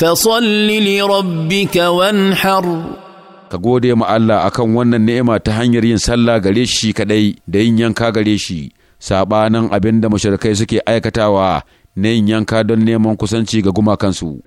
li rabbika wanhar ka gode ma Allah akan wannan ni'ima ta hanyar yin sallah gare shi kadai da yin yanka gare shi sabanin abinda da mushrikai suke aikatawa na yin yanka don neman kusanci ga gumakansu